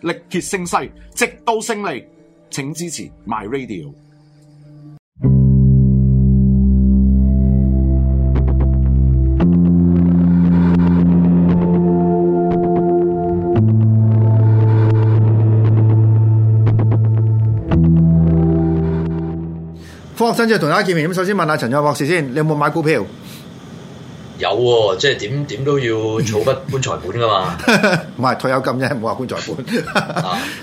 力竭勝勢，直到勝利。請支持 My Radio。科學新知同大家見面，咁首先問下陳志宏博士先，你有冇買股票？有喎、哦，即係點點都要儲筆棺材本噶嘛。唔係 退休金啫，唔好話棺材本。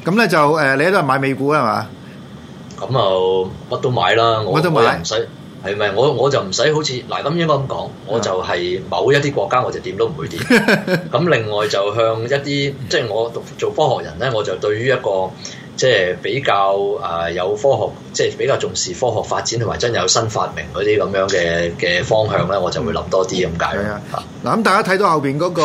咁 咧 就誒、呃，你喺度買美股啊嘛。咁啊，乜都買啦，我都買，唔使係咪？我我就唔使好似嗱，咁應該咁講，我就係某一啲國家，我就點都唔會點。咁 另外就向一啲即係我做科學人咧，我就對於一個。即係比較誒有科學，即係比較重視科學發展同埋真有新發明嗰啲咁樣嘅嘅方向咧，嗯、我就會諗多啲咁解啦。嗱的，咁、嗯、大家睇到後邊嗰個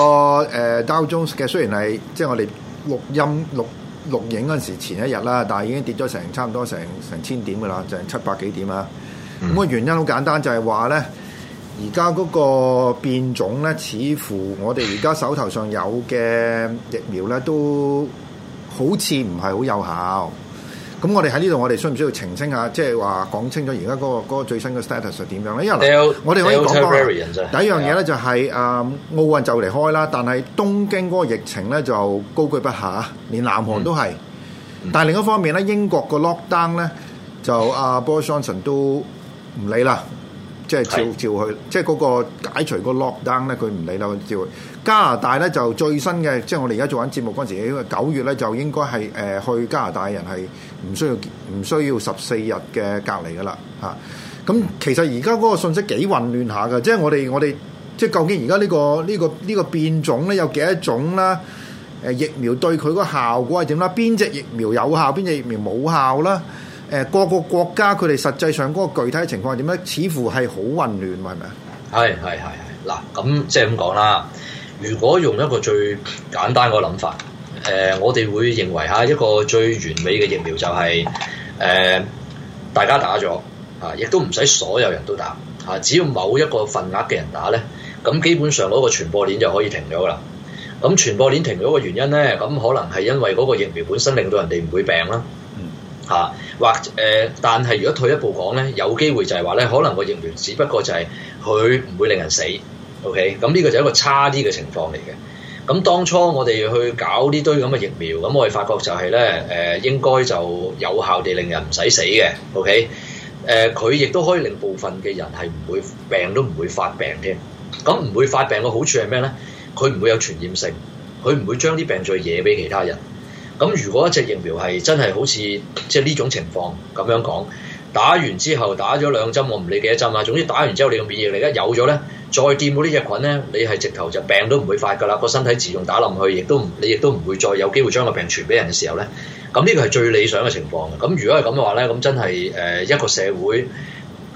Dow Jones 嘅，雖然係即係我哋錄音錄錄影嗰陣時前一日啦，但係已經跌咗成差唔多成成千點噶啦，成七百幾點啊。咁、嗯、個原因好簡單就，就係話咧，而家嗰個變種咧，似乎我哋而家手頭上有嘅疫苗咧都。好似唔係好有效，咁我哋喺呢度，我哋需唔需要澄清下，即係話講清楚而家嗰個最新嘅 status 係點樣咧？因為我哋可以講 第一樣嘢咧、就係，就係誒奧運就嚟開啦，但係東京嗰個疫情咧就高居不下，連南韓都係。 但係另一方面咧，英國個 lockdown 咧就阿 Boris、啊、Johnson 都唔理啦。即係照照去，即係嗰個解除、嗰個 lockdown 咧，佢唔理啦，照去。加拿大咧就最新嘅，即係我哋而家做緊節目嗰陣時，因為九月咧就應該係誒、呃、去加拿大嘅人係唔需要唔需要十四日嘅隔離噶啦嚇。咁、啊嗯、其實而家嗰個信息幾混亂下噶，即係我哋我哋即係究竟而家呢個呢、呢個呢、呢個變種咧有幾多種啦？誒、呃、疫苗對佢個效果係點啦？邊隻疫苗有效？邊隻疫苗冇效啦？誒，個個國家佢哋實際上嗰個具體情況係點咧？似乎係好混亂喎，係咪啊？係係係係。嗱，咁即係咁講啦。如果用一個最簡單個諗法，誒、呃，我哋會認為嚇一個最完美嘅疫苗就係、是、誒、呃，大家打咗嚇，亦都唔使所有人都打嚇，只要某一個份額嘅人打咧，咁基本上嗰個傳播鏈就可以停咗啦。咁傳播鏈停咗嘅原因咧，咁可能係因為嗰個疫苗本身令到人哋唔會病啦。嗯，或誒，但係如果退一步講咧，有機會就係話咧，可能個疫苗只不過就係佢唔會令人死。OK，咁呢個就係一個差啲嘅情況嚟嘅。咁當初我哋去搞呢堆咁嘅疫苗，咁我哋發覺就係咧誒，應該就有效地令人唔使死嘅。OK，誒，佢亦都可以令部分嘅人係唔會病都唔會發病添。咁唔會發病嘅好處係咩咧？佢唔會有傳染性，佢唔會將啲病再惹俾其他人。咁如果一隻疫苗係真係好似即係呢種情況咁樣講，打完之後打咗兩針，我唔理幾多針啦。總之打完之後你個免疫力一有咗呢，再掂嗰啲隻菌呢，你係直頭就病都唔會發㗎啦。個身體自動打冧去，亦都唔你亦都唔會再有機會將個病傳俾人嘅時候呢。咁呢個係最理想嘅情況。咁如果係咁嘅話呢，咁真係誒一個社會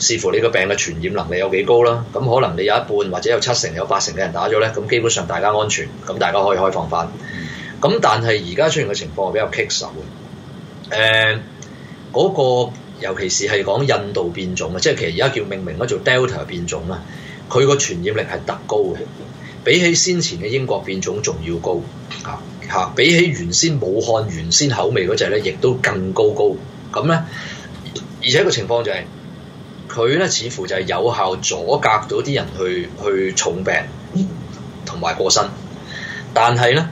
視乎你個病嘅傳染能力有幾高啦。咁可能你有一半或者有七成、有八成嘅人打咗呢，咁基本上大家安全，咁大家可以開放翻。咁但係而家出現嘅情況係比較棘手嘅，誒、呃、嗰、那個尤其是係講印度變種啊，即係其實而家叫命名啦做 Delta 變種啦，佢個傳染力係特高嘅，比起先前嘅英國變種仲要高嚇嚇，啊啊，比起原先武漢原先口味嗰隻咧，亦都更高高。咁咧，而且個情況就係佢咧似乎就係有效阻隔到啲人去去重病同埋過身，但係咧。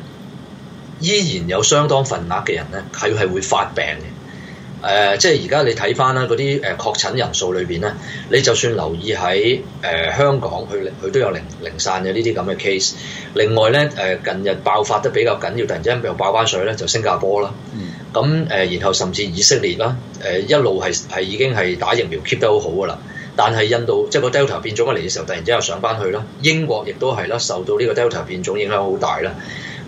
依然有相當份額嘅人呢，佢係會發病嘅。誒、呃，即係而家你睇翻啦，嗰啲誒確診人數裏邊呢，你就算留意喺誒、呃、香港，佢佢都有零零散嘅呢啲咁嘅 case。另外呢，誒、呃、近日爆發得比較緊要，突然之間又爆翻水呢，就新加坡啦。咁誒、嗯呃，然後甚至以色列啦，誒、呃、一路係係已經係打疫苗 keep 得好好噶啦。但係印度即係個 Delta 變種嚟嘅時候，突然之間又上翻去啦。英國亦都係啦，受到呢個 Delta 變種影響好大啦。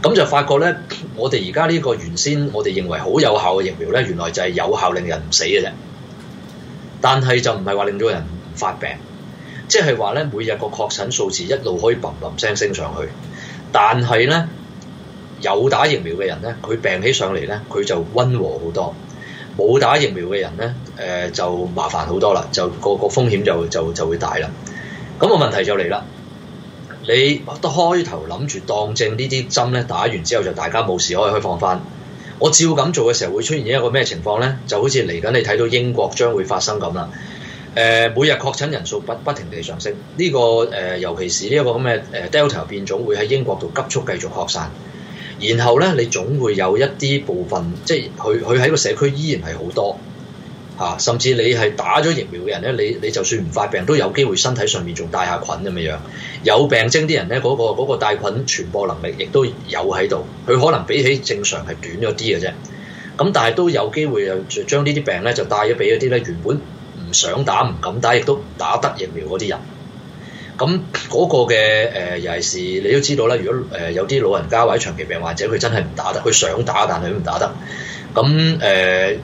咁就發覺咧，我哋而家呢個原先我哋認為好有效嘅疫苗咧，原來就係有效令人唔死嘅啫。但係就唔係話令到人唔發病，即係話咧每日個確診數字一路可以砰砰聲升上去。但係咧有打疫苗嘅人咧，佢病起上嚟咧，佢就溫和好多；冇打疫苗嘅人咧，誒就麻煩好多啦，就個個風險就就就會大啦。咁個問題就嚟啦。你得開頭諗住當正呢啲針咧打完之後就大家冇事可以開放翻。我照咁做嘅時候會出現一個咩情況呢？就好似嚟緊你睇到英國將會發生咁啦、呃。每日確診人數不不停地上升，呢、呢個誒、呃、尤其是呢、呢、一個咁嘅、呃、誒 Delta 變種會喺英國度急速繼續擴散，然後呢，你總會有一啲部分，即係佢佢喺個社區依然係好多。啊，甚至你係打咗疫苗嘅人呢，你你就算唔發病，都有機會身體上面仲帶下菌咁嘅樣。有病徵啲人呢，嗰、嗰個嗰、嗰個、帶菌傳播能力亦都有喺度，佢可能比起正常係短咗啲嘅啫。咁但係都有機會又將呢啲病呢，就帶咗俾嗰啲咧原本唔想打、唔敢打，亦都唔打得疫苗嗰啲人。咁嗰個嘅誒、呃，尤其是你都知道啦，如果誒、呃、有啲老人家或者長期病患者，佢真係唔打得，佢想打但係佢唔打得。咁誒。呃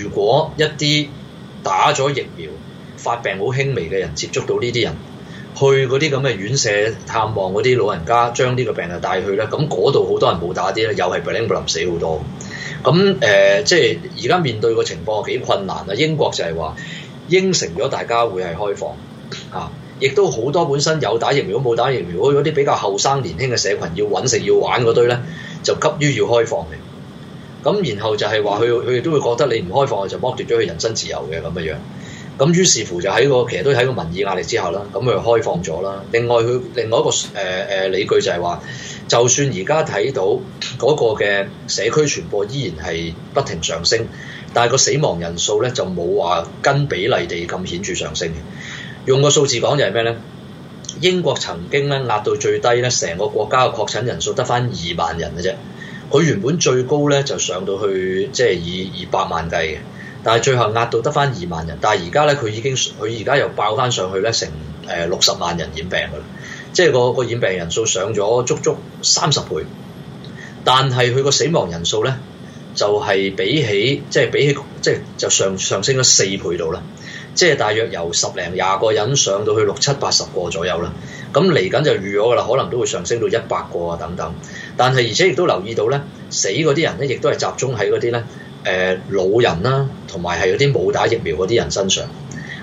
如果一啲打咗疫苗發病好輕微嘅人接觸到呢啲人，去嗰啲咁嘅院舍探望嗰啲老人家，將呢個病啊帶去咧，咁嗰度好多人冇打啲咧，又係布林布林死好多。咁誒、呃，即係而家面對個情況幾困難啦。英國就係話應承咗大家會係開放啊，亦都好多本身有打疫苗冇打疫苗嗰啲比較後生年輕嘅社群要搵食要玩嗰堆咧，就急於要開放嘅。咁然後就係話佢佢亦都會覺得你唔開放就剝奪咗佢人身自由嘅咁嘅樣，咁於是乎就喺個其實都喺個民意壓力之下啦，咁佢開放咗啦。另外佢另外一個誒誒理據就係話，就算而家睇到嗰個嘅社區傳播依然係不停上升，但係個死亡人數咧就冇話跟比例地咁顯著上升嘅。用個數字講就係咩咧？英國曾經咧壓到最低咧，成個國家嘅確診人數得返二萬人嘅啫。佢原本最高咧就上到去即係以二百萬計嘅，但係最後壓到得翻二萬人，但係而家咧佢已經佢而家又爆翻上去咧成誒、呃、六十萬人染病㗎啦，即係、個個染病人數上咗足足三十倍，但係佢個死亡人數咧就係、是、比起即係、就是、比起即係、就是、就上上升咗四倍到啦，即係大約由十零廿個人上到去六七八十個左右啦。咁嚟緊就預咗啦，可能都會上升到一百個啊等等。但係而且亦都留意到咧，死嗰啲人咧，亦都係集中喺嗰啲咧，誒、呃、老人啦、啊，同埋係嗰啲冇打疫苗嗰啲人身上。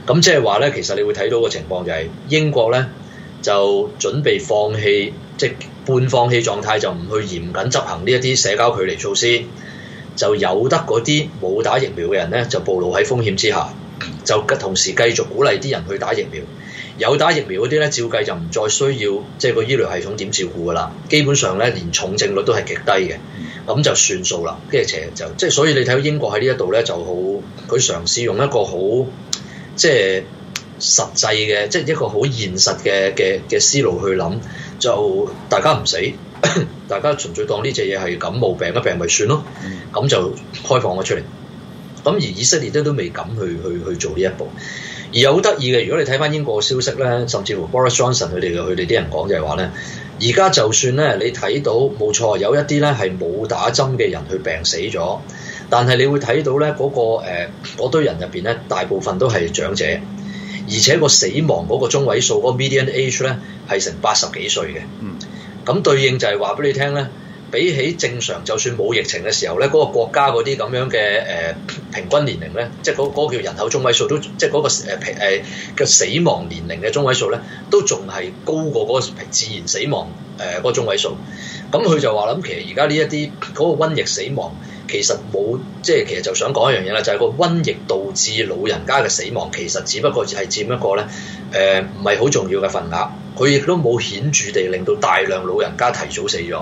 咁即係話咧，其實你會睇到個情況就係、是、英國咧就準備放棄，即係半放棄狀態，就唔去嚴謹執行呢一啲社交距離措施，就由得嗰啲冇打疫苗嘅人咧就暴露喺風險之下，就同時繼續鼓勵啲人去打疫苗。有打疫苗嗰啲咧，照計就唔再需要即係個醫療系統點照顧㗎喇。基本上咧，連重症率都係極低嘅，咁就算數啦。跟住其實就即係，所以你睇到英國喺呢一度咧，就好佢嘗試用一個好即係實際嘅，即係一個好現實嘅嘅嘅思路去諗，就大家唔死，大家純粹 當呢隻嘢係感冒病嘅病咪算咯。咁就開放咗出嚟。咁而以色列都都未敢去去去做呢一步。有得意嘅，如果你睇翻英國消息咧，甚至乎 Boris Johnson 佢哋嘅佢哋啲人講就係話咧，而家就算咧你睇到冇錯，有一啲咧係冇打針嘅人佢病死咗，但係你會睇到咧、那、嗰個嗰堆、呃、人入邊咧，大部分都係長者，而且個死亡嗰個中位數嗰、嗰個、median age 咧係成八十幾歲嘅。嗯，咁對應就係話俾你聽咧。比起正常，就算冇疫情嘅時候咧，嗰、那個國家嗰啲咁樣嘅誒、呃、平均年齡咧，即係嗰個叫人口中位數，都即係、那、嗰個誒嘅、呃呃、死亡年齡嘅中位數咧，都仲係高過嗰個自然死亡誒嗰、呃那個中位數。咁、嗯、佢就話諗，其實而家呢一啲嗰個瘟疫死亡，其實冇即係其實就想講一樣嘢啦，就係、是、個瘟疫導致老人家嘅死亡，其實只不過係佔一個咧誒唔係好重要嘅份額，佢亦都冇顯著地令到大量老人家提早死咗。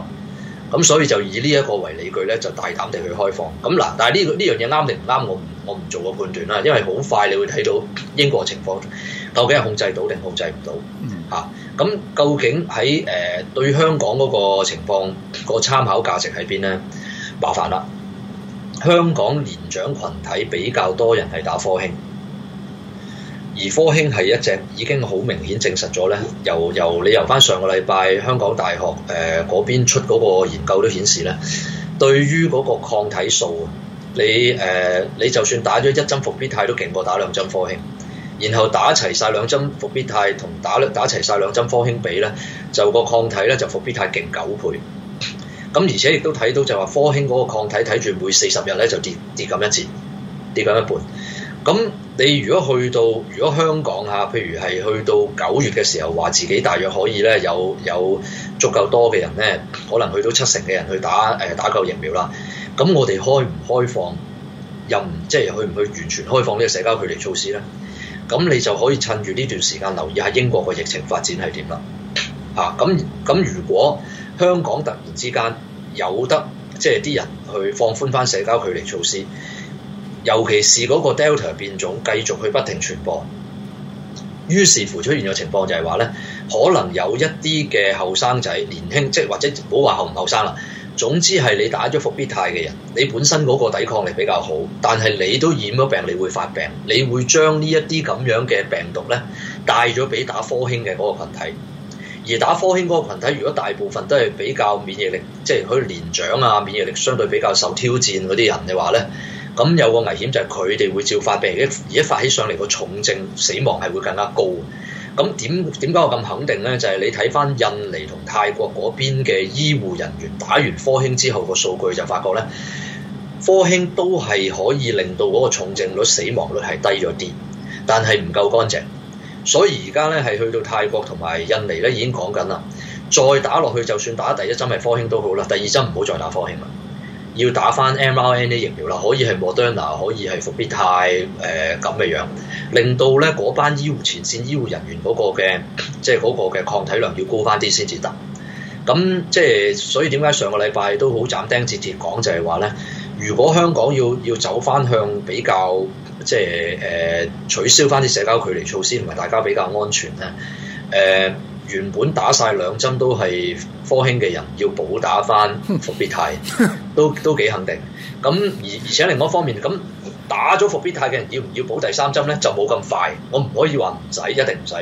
咁、嗯、所以就以呢一個為理據咧，就大膽地去開放。咁嗱，但係、這、呢個呢樣嘢啱定唔啱，我唔我唔做個判斷啦。因為好快你會睇到英國情況，究竟係控制到定控制唔到？嗯，嚇、啊。咁究竟喺誒、呃、對香港嗰個情況，那個參考價值喺邊咧？麻煩啦，香港年長群體比較多人係打科興。而科興係一隻已經好明顯證實咗咧，由由你由翻上個禮拜香港大學誒嗰、呃、邊出嗰個研究都顯示咧，對於嗰個抗體數啊，你誒、呃、你就算打咗一針復必泰都勁過打兩針科興，然後打齊晒兩針復必泰同打打齊晒兩針科興比咧，就個抗體咧就復必泰勁九倍，咁而且亦都睇到就話科興嗰個抗體睇住每四十日咧就跌跌咁一次，跌咁一半，咁。你如果去到，如果香港吓、啊，譬如係去到九月嘅時候，話，自己大約可以咧有有足夠多嘅人咧，可能去到七成嘅人去打誒打夠疫苗啦。咁我哋開唔開放，又唔即係去唔去完全開放呢個社交距離措施咧？咁你就可以趁住呢段時間留意下英國嘅疫情發展係點啦。吓、啊。咁咁如果香港突然之間有得即係啲人去放寬翻社交距離措施。尤其是嗰個 Delta 變種繼續去不停傳播，於是乎出現嘅情況就係話咧，可能有一啲嘅後，後生仔年輕，即係或者唔好話後唔後生啦。總之係你打咗復必泰嘅人，你本身嗰個抵抗力比較好，但係你都染咗病，你會發病，你會將呢一啲咁樣嘅病毒咧帶咗俾打科興嘅嗰個羣體。而打科興嗰個羣體，如果大部分都係比較免疫力即係佢年長啊，免疫力相對比較受挑戰嗰啲人嘅話咧。咁有個危險就係佢哋會照發病，而而家發起上嚟個重症死亡係會更加高。咁點點解我咁肯定呢？就係你睇返印尼同泰國嗰邊嘅醫護人員打完科興之後個數據，就發覺呢，科興都係可以令到嗰個重症率死亡率係低咗啲，但係唔夠乾淨。所以而家呢，係去到泰國同埋印尼呢，已經講緊啦，再打落去就算打第一針係科興都好啦，第二針唔好再打科興啦。要打翻 mRNA 疫苗啦，可以係 Moderna，可以係復必泰誒咁嘅樣，令到咧嗰班醫護前綫醫護人員嗰個嘅即係嗰個嘅抗體量要高翻啲先至得。咁即係所以點解上個禮拜都好斬釘截鐵講就係話咧，如果香港要要走翻向比較，即係誒、呃、取消翻啲社交距離措施唔係大家比較安全咧，誒、呃、原本打晒兩針都係科興嘅人要補打翻復必泰。 都都幾肯定，咁而而且另外一方面，咁打咗復必泰嘅人要唔要補第三針呢？就冇咁快，我唔可以話唔使，一定唔使。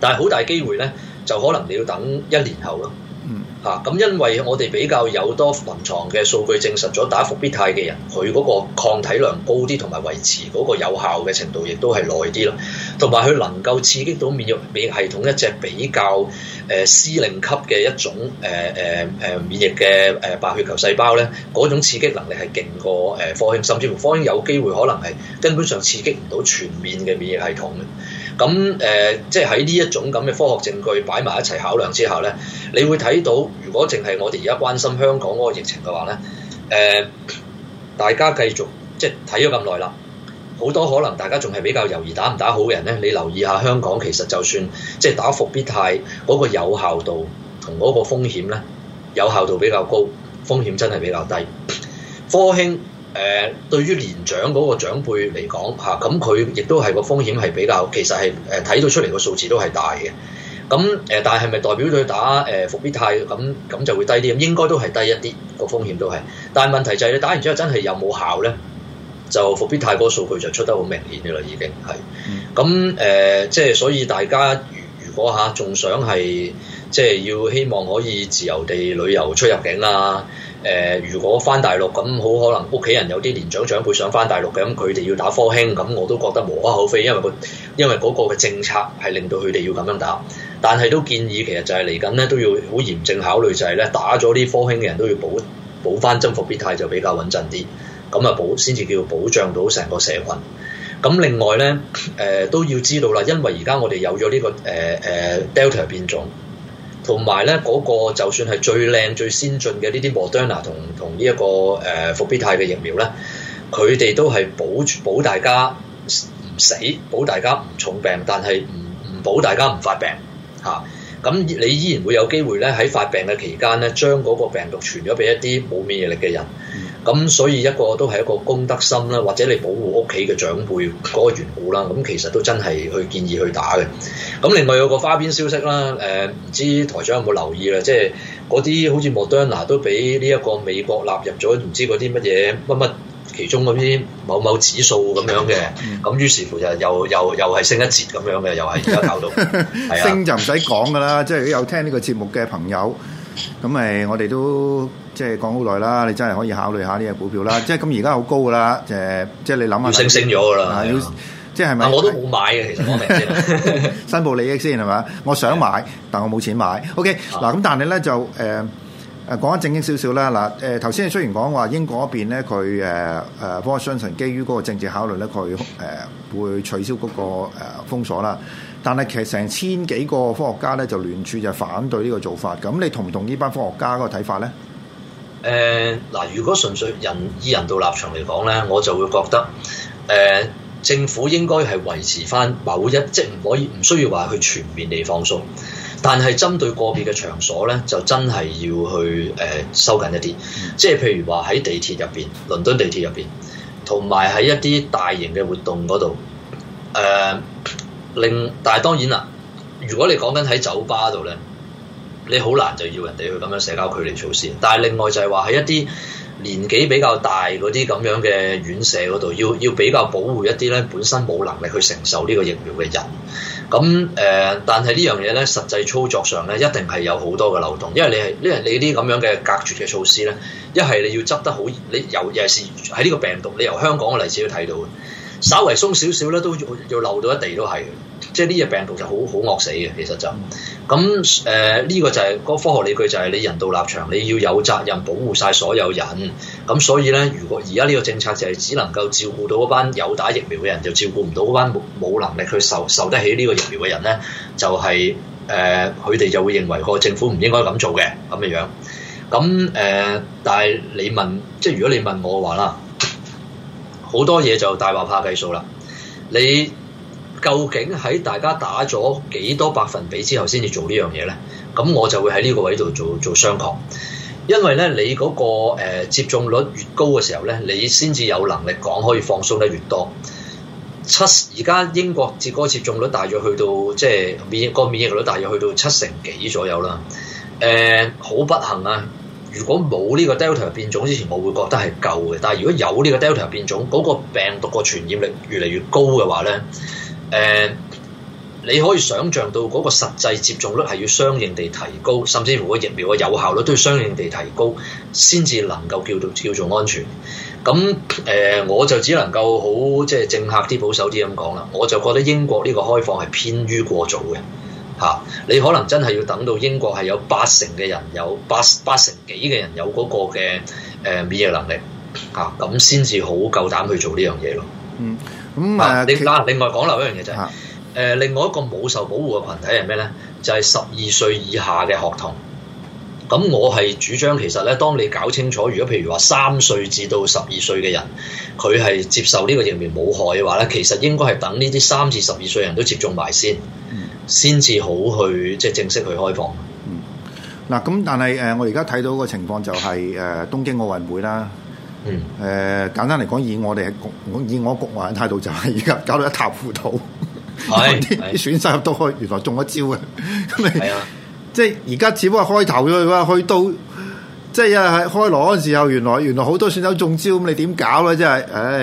但係好大機會呢，就可能你要等一年後咯。嗯，咁、啊，因為我哋比較有多臨床嘅數據證實咗打復必泰嘅人，佢嗰個抗體量高啲，同埋維持嗰個有效嘅程度，亦都係耐啲咯。同埋佢能夠刺激到免疫免疫系統一隻比較誒司令級嘅一種誒誒誒免疫嘅誒白血球細胞咧，嗰種刺激能力係勁過誒科興，甚至乎科興有機會可能係根本上刺激唔到全面嘅免疫系統嘅。咁誒、呃，即係喺呢一種咁嘅科學證據擺埋一齊考量之後咧，你會睇到如果淨係我哋而家關心香港嗰個疫情嘅話咧，誒、呃，大家繼續即係睇咗咁耐啦。好多可能大家仲係比較猶豫打唔打好嘅人呢。你留意下香港其實就算即係打復必泰嗰個有效度同嗰個風險咧，有效度比較高，風險真係比較低。科興誒、呃、對於年長嗰個長輩嚟講嚇，咁佢亦都係個風險係比較，其實係誒睇到出嚟個數字都係大嘅。咁誒、呃，但係咪代表佢打誒復、呃、必泰咁咁就會低啲？應該都係低一啲個風險都係。但係問題就係、是、你打完之後真係有冇效呢？就伏必泰嗰個數據就出得好明顯嘅啦，已經係咁誒，即係、嗯呃就是、所以大家如如果嚇仲、啊、想係即係要希望可以自由地旅遊出入境啊，誒、呃、如果翻大陸咁，好可能屋企人有啲年長長輩想翻大陸嘅，咁佢哋要打科興咁，我都覺得無可厚非，因為、個因為嗰個嘅政策係令到佢哋要咁樣打，但係都建議其實就係嚟緊咧都要好嚴正考慮就呢，就係咧打咗啲科興嘅人都要補補翻，針伏必泰，就比較穩陣啲。咁啊保，先至叫保障到成個社群。咁另外咧，誒、呃、都要知道啦，因為而家我哋有咗呢、這個誒誒、呃、Delta 變種，同埋咧嗰個就算係最靚最先進嘅呢啲 Moderna 同同呢一、這個誒復必泰嘅疫苗咧，佢哋都係保保大家唔死，保大家唔重病，但係唔唔保大家唔發病嚇。咁、啊、你依然會有機會咧喺發病嘅期間咧，將嗰個病毒傳咗俾一啲冇免疫力嘅人。嗯咁所以一個都係一個公德心啦，或者你保護屋企嘅長輩嗰個緣故啦，咁其實都真係去建議去打嘅。咁另外有個花邊消息啦，誒、嗯、唔知台長有冇留意啦，即係嗰啲好似莫德納都俾呢一個美國納入咗，唔知嗰啲乜嘢乜乜其中嗰啲某某指數咁樣嘅，咁於是乎就又又又係升一截咁樣嘅，又係而家搞到，係啊，升就唔使講噶啦，即係如果有聽呢個節目嘅朋友。咁咪我哋都即係講好耐啦，你真係可以考慮下呢隻股票啦。即係咁而家好高噶啦，誒，即係你諗下，升升咗噶啦，要的即係咪？我都冇買嘅， 其實我。 申報利益先係嘛？我想買，的但我冇錢買。OK，嗱、啊，咁但係你咧就誒。呃誒講得正經少少啦，嗱誒頭先雖然講話英國嗰邊咧，佢誒誒科學家基於嗰個政治考慮咧，佢誒會取消嗰個封鎖啦。但係其實成千幾個科學家咧就聯署就反對呢個做法嘅。咁你同唔同呢班科學家嗰個睇法咧？誒嗱、呃，如果純粹人以人道立場嚟講咧，我就會覺得誒、呃、政府應該係維持翻某一即唔、即係、可以唔需要話去全面地放鬆。但係針對個別嘅場所咧，就真係要去誒、呃、收緊一啲，即係譬如話喺地鐵入邊、倫敦地鐵入邊，同埋喺一啲大型嘅活動嗰度，誒、呃、令。但係當然啦，如果你講緊喺酒吧度咧，你好難就要人哋去咁樣社交距離措施。但係另外就係話喺一啲年紀比較大嗰啲咁樣嘅院舍嗰度，要要比較保護一啲咧本身冇能力去承受呢個疫苗嘅人。咁誒、呃，但係呢樣嘢咧，實際操作上咧，一定係有好多嘅漏洞，因為你係因為你啲咁樣嘅隔絕嘅措施咧，一係你要執得好，你由尤其是喺呢個病毒，你由香港嘅例子都睇到嘅，稍為鬆少少咧，都要要漏到一地都係嘅。即係呢隻病毒就好好惡死嘅，其實就咁誒呢個就係嗰個科學理據，就係你人道立場，你要有責任保護晒所有人。咁所以咧，如果而家呢個政策就係只能夠照顧到嗰班有打疫苗嘅人，就照顧唔到嗰班冇冇能力去受受得起呢個疫苗嘅人咧，就係誒佢哋就會認為個政府唔應該咁做嘅咁嘅樣。咁誒、呃，但係你問，即係如果你問我嘅話啦，好多嘢就大話怕計數啦，你。究竟喺大家打咗幾多百分比之後先至做呢樣嘢呢？咁我就會喺呢個位度做做商榷，因為咧你嗰、那個誒、呃、接種率越高嘅時候咧，你先至有能力講可以放鬆得越多。七而家英國接個接種率大約去到即係、就是、免疫個免疫率大約去到七成幾左右啦。誒、呃，好不幸啊！如果冇呢個 Delta 變種之前，我會覺得係夠嘅。但係如果有呢個 Delta 變種，嗰、那個病毒個傳染力越嚟越高嘅話呢。誒、呃，你可以想象到嗰個實際接種率係要相應地提高，甚至乎個疫苗嘅有效率都要相應地提高，先至能夠叫做叫做安全。咁誒、呃，我就只能夠好即係政客啲保守啲咁講啦。我就覺得英國呢個開放係偏於過早嘅吓、啊，你可能真係要等到英國係有八成嘅人有八八成幾嘅人有嗰個嘅誒、呃、免疫能力吓，咁先至好夠膽去做呢樣嘢咯。嗯。咁誒，嗱、嗯，另外講漏一樣嘢就係，誒，另外一個冇受保護嘅群體係咩咧？就係十二歲以下嘅學童。咁我係主張，其實咧，當你搞清楚，如果譬如話三歲至到十二歲嘅人，佢係接受呢個疫苗冇害嘅話咧，其實應該係等呢啲三至十二歲人都接種埋先，先至、嗯、好去即係、就是、正式去開放。嗱、嗯，咁但係誒，我而家睇到個情況就係誒，東京奧運會啦。嗯、呃，誒簡單嚟講，以我哋國我以我國外嘅態度就係而家搞到一塌糊塗，啲選手都原來中咗招嘅，咁你即係而家只不過開頭去到即係喺開鑼嗰陣時候，原來原來好多選手中招，咁你點搞咧？真係，唉、哎，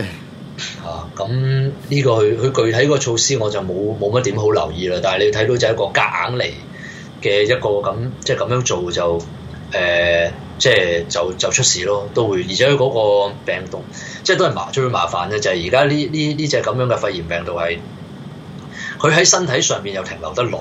啊，咁呢、呢個佢佢具體個措施我就冇冇乜點好留意啦，但係你睇到就一個夾硬嚟嘅一個咁即係咁樣做就誒。呃即係就就出事咯，都會，而且嗰個病毒，即係都係麻最麻煩咧，就係而家呢呢呢隻咁樣嘅肺炎病毒係，佢喺身體上面又停留得耐，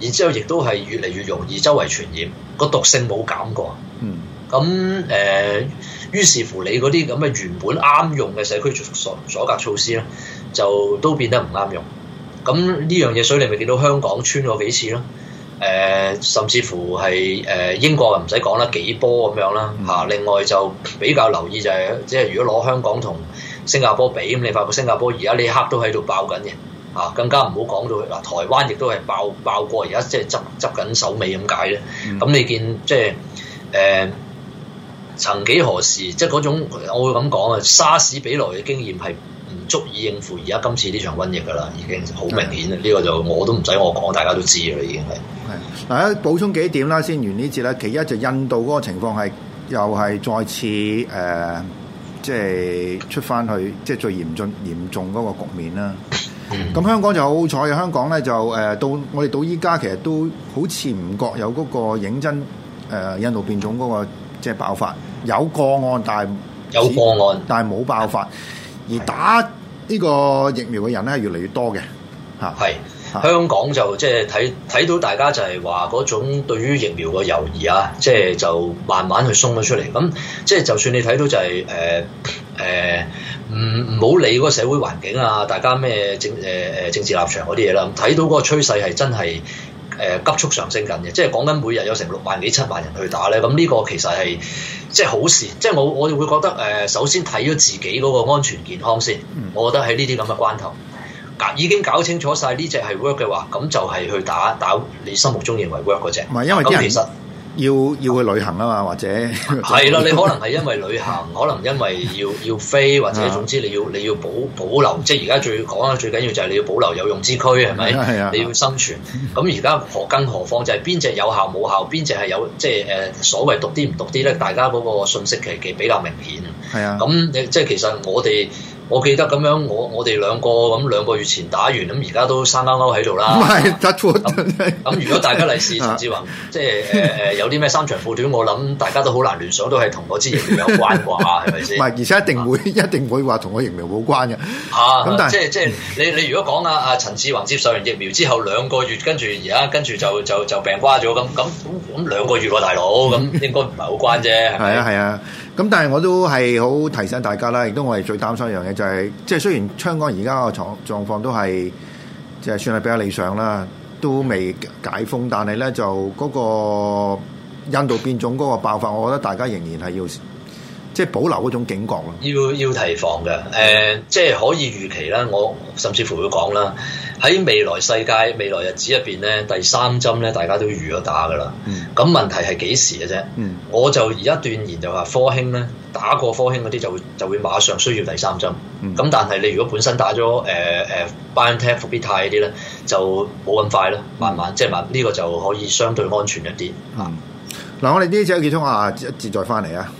然之後亦都係越嚟越容易周圍傳染，個毒性冇減過。嗯。咁誒，於是乎你嗰啲咁嘅原本啱用嘅社區阻阻隔措施咧，就都變得唔啱用。咁呢樣嘢，所以你咪見到香港穿過幾次咯。誒、呃，甚至乎係誒、呃、英國啊，唔使講啦，幾波咁樣啦嚇、啊。另外就比較留意就係、是，即係如果攞香港同新加坡比，咁你發覺新加坡而家呢一刻都喺度爆緊嘅嚇，更加唔好講到嗱，台灣亦都係爆爆過，而家即係執執緊手尾咁解咧。咁、嗯、你見、嗯、即係誒。呃曾幾何時，即係嗰種，我會咁講啊！沙士比來嘅經驗係唔足以應付而家今次呢場瘟疫㗎啦，已經好明顯啦。呢是的 個就我都唔使我講，大家都知㗎啦，已經係。係嗱，大家補充幾點啦，先完呢節啦。其一就印度嗰個情況係又係再次誒、呃，即係出翻去，即係最嚴峻嚴重嗰個局面啦。咁、嗯、香港就好彩，香港咧就誒、呃、到我哋到依家，其實都好似唔覺有嗰個認真誒印度變種嗰個即係爆發。有個案，但係有，有個案，但係冇爆發。而打呢個疫苗嘅人咧，越嚟越多嘅嚇。係嘅、啊、香港就即係睇睇到大家就係話嗰種對於疫苗嘅猶疑啊，即係就慢慢去鬆咗出嚟。咁即係就算你睇到就係誒誒，唔唔好理嗰社會環境啊，大家咩政誒誒政治立場嗰啲嘢啦。睇到嗰個趨勢係真係誒急速上升緊嘅，即係講緊每日有成六萬幾七萬人去打咧。咁呢個其實係。即係好事，即係我我哋會覺得誒、呃，首先睇咗自己嗰個安全健康先。嗯、我覺得喺呢啲咁嘅關頭，搞已經搞清楚晒呢隻係 work 嘅話，咁就係去打打你心目中認為 work 嗰隻。唔係因為啲人。啊其實要要去旅行啊嘛，或者係啦， 你可能係因為旅行，可能因為要 要飛，或者總之你要你要保保留，即係而家最講啦，講最緊要就係你要保留有用之軀，係咪？係啊，你要生存。咁而家何更何況就係邊隻有效冇效，邊隻係有即係誒、呃、所謂讀啲唔讀啲咧？大家嗰個信息其實其比較明顯。係啊 的，咁你即係其實我哋。我記得咁樣，我我哋兩個咁兩個月前打完，咁而家都生勾勾喺度啦。唔係，咁如果大家嚟試陳志宏，即係誒誒，有啲咩三長褲短，我諗大家都好難聯想到係同嗰支疫苗有關啩，係咪先？唔係，而且一定會一定會話同嗰疫苗冇關嘅嚇。咁但係即係即係你你如果講啊啊陳志宏接受完疫苗之後兩個月，跟住而家跟住就就就病瓜咗咁咁咁兩個月喎大佬，咁應該唔係好關啫。係啊係啊。咁但係我都係好提醒大家啦，亦都我係最擔心一樣嘢就係、是，即係雖然香港而家個狀狀況都係即係算係比較理想啦，都未解封，但係咧就嗰個印度變種嗰個爆發，我覺得大家仍然係要即係保留嗰種警覺啊！要要提防嘅，誒、呃，嗯、即係可以預期啦，我甚至乎會講啦。喺未來世界、未來日子入邊咧，第三針咧，大家都預咗打噶啦。咁、嗯、問題係幾時嘅啫？嗯、我就而家斷言就話，科興咧打過科興嗰啲就會就會馬上需要第三針。咁、嗯、但係你如果本身打咗、呃呃、b i n t 誒誒班聽伏 t a 嗰啲咧，就冇咁快啦，慢慢即係慢。呢個就可以相對安全一啲。嗱、嗯，我哋呢次有結通啊，一節再翻嚟啊。